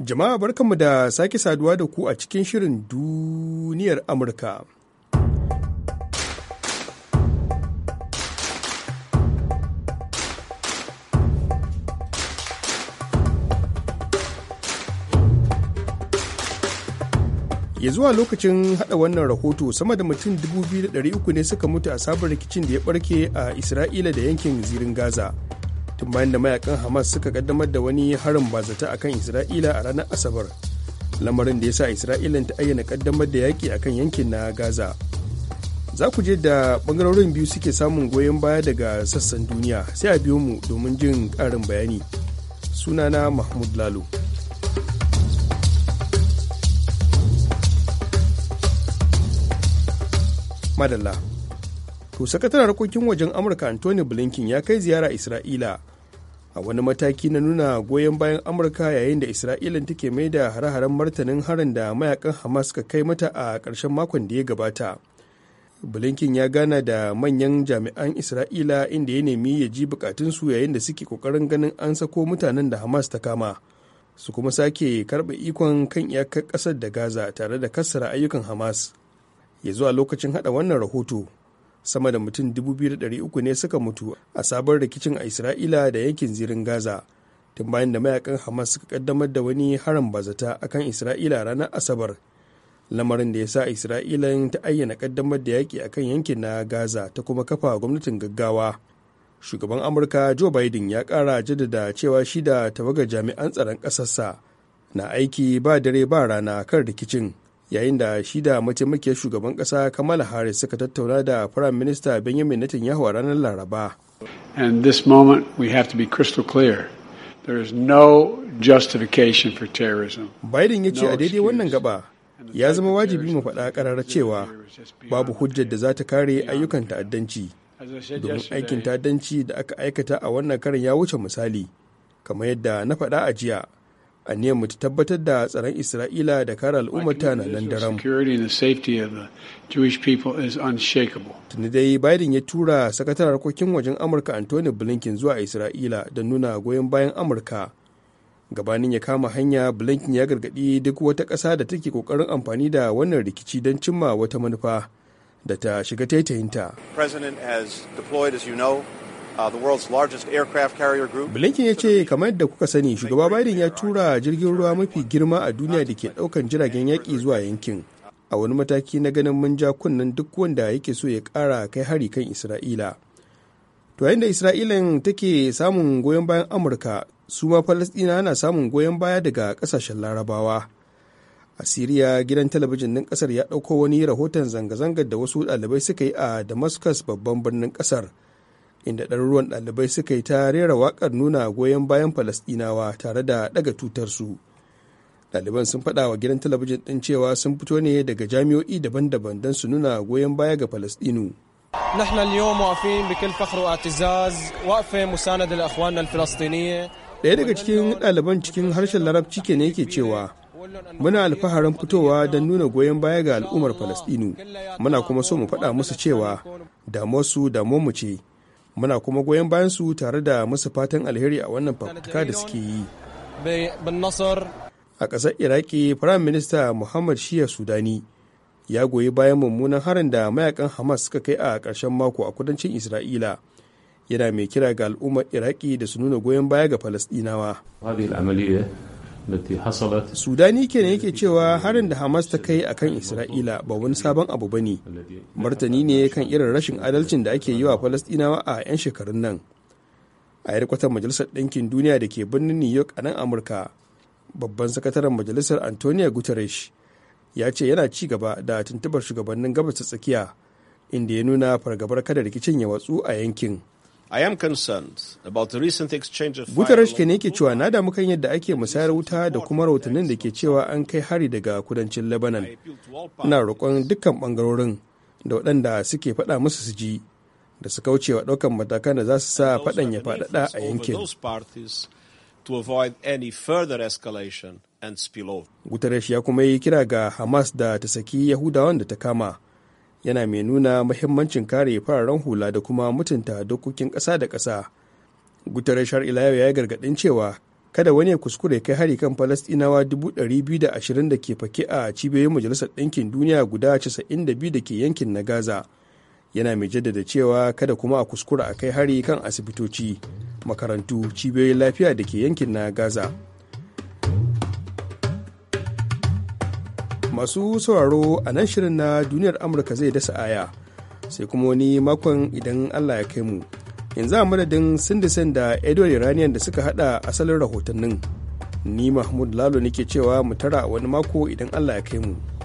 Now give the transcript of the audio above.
Jama'a barkanmu da sake saduwa da ku a cikin shirin duniyar Amurka. ya zuwa lokacin hada wannan rahoto sama da mutum 2,300 ne suka mutu a sabon rikicin da ya barke a isra'ila da yankin zirin gaza tun bayan da mayakan hamas suka kaddamar da wani harin bazata kan isra'ila a ranar asabar lamarin da ya sa isra'ilan ta ayyana kaddamar da yaƙi akan yankin na gaza za ku je da ɓangarorin biyu suke samun goyon baya daga sassan duniya sai a biyo mu domin jin ƙarin bayani sunana mahmud lalo madalla to sakataren harkokin wajen amurka anthony blinken ya kai ziyara isra'ila a wani mataki na nuna goyon bayan amurka yayin da isra'ila take mai da hare-haren martanin harin da mayakan hamas ka kai mata a karshen makon da ya gabata blinken ya gana da manyan jami'an isra'ila inda ya nemi ya ji bukatunsu yayin da suke kokarin ganin an sako mutanen da hamas ta kama su kuma sake karɓe ikon kan iyakar ƙasar da gaza tare da kassara ayyukan hamas ya zuwa lokacin haɗa wannan rahoto sama da mutum 2,300 ne suka mutu a sabon rikicin a isra'ila da yankin zirin gaza tun bayan da mayakan hamas suka kaddamar da wani harin bazata akan isra'ila ranar asabar lamarin da ya sa isra'ila ta ayyana kaddamar da yaƙi akan yankin na gaza ta kuma kafa gwamnatin gaggawa shugaban amurka joe biden ya ƙara jaddada cewa shida da jami'an tsaron ƙasarsa na aiki ba dare ba rana kan rikicin yayin da shi da mataimakiyar shugaban kasa kamala harris suka tattauna da firayim minista benjamin netanyahu a ranar laraba and moment we have to be crystal clear no justification for terrorism biden ya ce a daidai wannan gaba ya zama wajibi mu faɗa ƙarar cewa babu hujjar da za ta kare ayyukan ta'addanci domin aikin ta'addanci da aka aikata a wannan karin ya wuce misali kamar yadda na faɗa a jiya a mu ta tabbatar da tsaron isra'ila da kare al'ummata na nan daram tuni dai biden ya tura sakataren harkokin wajen amurka anthony blinken zuwa isra'ila don nuna goyon bayan amurka gabanin ya kama hanya blinken ya gargadi duk wata ƙasa da take kokarin amfani da wannan rikici don cimma wata manufa da ta shiga taitayinta Uh, Blinken ya ce kamar yadda kuka sani shugaba Biden ya tura jirgin ruwa mafi girma a duniya da ke daukan jiragen yaƙi zuwa yankin. A wani mataki na ganin mun ja kunnen duk wanda yake so ya kara kai hari kan Isra'ila. To yayin da Isra'ilan take samun goyon bayan Amurka, su ma Falasɗina na samun goyon baya daga ƙasashen Larabawa. a siriya gidan talabijin ɗin ƙasar ya ɗauko wani rahoton zanga-zangar da wasu ɗalibai suka yi a damascus babban birnin ƙasar inda ɗaruruwan ɗalibai suka yi ta rera waƙar nuna goyon bayan falasɗinawa tare da ɗaga tutarsu ɗaliban sun faɗa wa gidan talabijin ɗin cewa sun fito ne daga jami'o'i daban-daban don su nuna goyon baya ga falasɗinu نحن اليوم واقفين بكل فخر واعتزاز ɗaya daga cikin ɗaliban cikin harshen larabci ke ne yake cewa muna alfaharin fitowa don nuna goyon baya ga al'ummar falastinu muna kuma so mu faɗa musu cewa damuwarsu damuwarmu ce muna kuma goyon bayan su tare da musu fatan alheri a wannan fafutuka da suke yi a ƙasar iraki firayim minista muhammad shia sudani ya goyi bayan mummunan harin da mayakan hamas suka kai a ƙarshen mako a kudancin isra'ila yana mai kira ga al'ummar iraki da su nuna goyon baya ga falasɗinawa Sudani ne yake cewa harin da Hamas ta kai akan Isra'ila ba wani sabon abu ba ne. Martani ne kan irin rashin adalcin da ake yi wa Falastinawa a 'yan shekarun nan. A yarkwatar Majalisar Ɗinkin Duniya da ke birnin New York a nan Amurka, babban sakataren Majalisar Antonio Guterres ya ce yana ci gaba da tuntubar shugabannin gabas ta tsakiya, inda ya nuna fargabar kada rikicin ya watsu a yankin. Guterres ke ne ke cewa na damu kan yadda ake musayar wuta da kuma rahotannin da ke cewa an kai hari daga kudancin Lebanon. Ina roƙon dukkan ɓangarorin da waɗanda suke faɗa musu su ji da su kauce wa ɗaukan matakan da za su sa faɗan ya faɗaɗa a yankin. Guterres ya kuma yi kira ga Hamas da ta saki Yahudawan da ta kama. yana mai nuna mahimmancin kare fararen hula da kuma mutunta dokokin ƙasa da ƙasa guterres shar ya yau ya gargaɗin cewa kada wani ya kuskure kai hari kan falastinawa 220 da ke fake a cibiyoyin majalisar ɗinkin duniya guda 92 da ke yankin na gaza yana mai jaddada cewa kada kuma a kuskura a kai hari kan asibitoci makarantu cibiyoyin lafiya da ke yankin na gaza masu sauraro a nan shirin na duniyar amurka zai dasa aya sai kuma wani makon idan allah ya kai mu yanzu a madadin sindisen da edward iranian da suka hada asalin rahotannin ni mahmud lalo nake cewa mu tara wani mako idan allah ya kai mu